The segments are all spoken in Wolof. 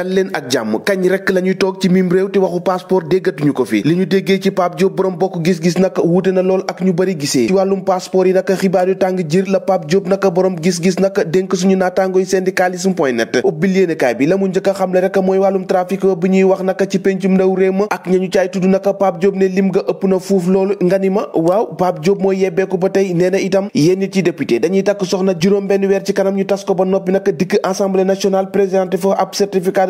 dal leen ak jàmm kañ rek la ñuy toog ci mim réew te waxu passeport déggatuñu ko fi li ñu déggee ci Pape Diop borom bokk gis-gis nag wuute na lool ak ñu bëri gisee ci wàllum passeport yi nag xibaar yu tàng jir a ma ak ñu caay tudd nag Pape Diop ne lim nga ëpp na fuuf loolu nga ma waaw Pape Diop mooy yebbeeku ba tey nee na itam yéen nit yi dañuy takk soxna juróom benn weer ci kanam ñu tas ko ba noppi nag dikk assemblée nationale présenté foofu ab certificat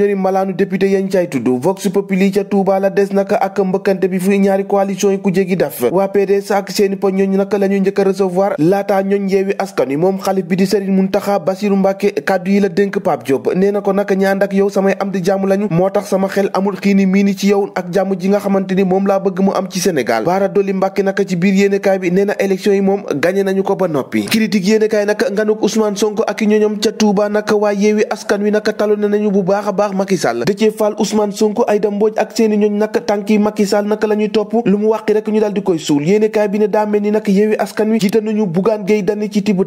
ñori malaanu député yañ cay tudd vox populi ca Touba la des naka ak mbëkkante bi yi ku jégi def waa PDS ak seeni poñ a la nee na ko naka ñaand ak yow samay am di jàmm lañu moo tax sama xel amul xiini miini ci yow ak jàmm ji nga xamante ni moom laa bëgg mu am ci Sénégal baara dolli Mbacké naka ci biir yéenekaay bi nee na élection yi moom gagné nañu ko ba noppi critique yéenekaay naka nganuk Ousmane Sonko ak ñoñom ca Touba naka waa yeewi askan wi naka talu nañu bu baax baax Macky Sall Déthié Fall Ousmane Sonko Aïda Mbodj ak seeni ñooñ nag tànki Macky Sall naka la ñuy topp lu mu wàqi rek ñu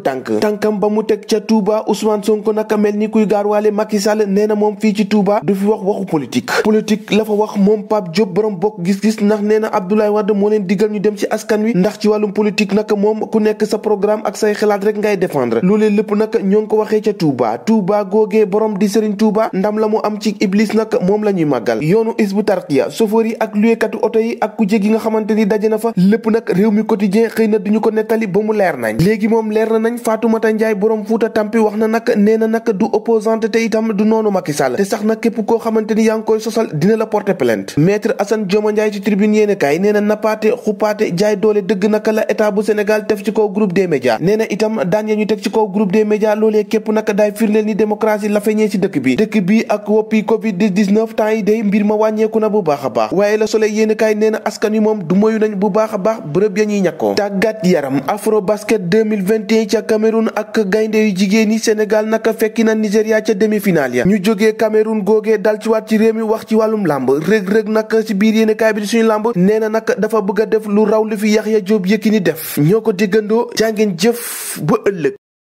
daal ba mu teg ca Touba Ousmane Sonko naka mel ni kuy gaarwaale Macky Sall nee na moom fii ci Touba du fi wax waxu politique politique la fa wax moom Pape Diop borom bokk gis-gis ndax nee na Abdoulaye Wade moo leen diggal ñu dem ci askan wi ndax ci wàllum politique nag moom ku nekk sa programme ak say xalaat rek ngay défendre loolee lépp nag ñoo ngi ko waxee ca Touba Touba googee borom di Serigne Touba ndam la mu am ci iblis nag moom la ñuy màggal yoonu isbu tarqiya chauffeur yi ak luyeekatu oto yi ak ku jégi nga xamante ni daje na fa lépp nag réew mi quotidien xëy na du ñu ko nekkali ba mu leer nañ léegi moom leer na nañ Fatoumata njaay borom Fuuta Tampi wax na nag nee na nag du opposante te itam du noonu Macky Sall te sax na képp koo xamante ni yaa ngi koy sosal dina la porter plainte maître Assane Dioma Ndiaye ci tribune yéene kaay nee na nappaate xuppaate jaay doole naka la état bu Sénégal def ci kaw groupe des médias nee na itam daan ya ñu teg ci kaw groupe képp nag daay firndeel ni démocratie la feeñee ci bi dëkk bi woppi covid 19 temps yi day mbir ma wàññeeku na bu baax a baax waaye la soleil yéen kaay nee na askan wi moom du moyu nañ bu baax a baax bërëb ya ñuy ñàkkoo tàggat yaram afro basket 2021 ca Cameroun ak gaynde yu jigéen yi Sénégal naka fekki na Nigéria ca demi-finale ya ñu jógee Cameroun googee dal ci waat ci réew mi wax ci wàllum làmb rëg-rëg naka ci biir yéen kaay bi di suñu làmb nee na naka dafa bëgg def lu raw lu fi yax Yaxya Jóob ni def ñoo ko diggandoo jàngeen jëf ba ëllëg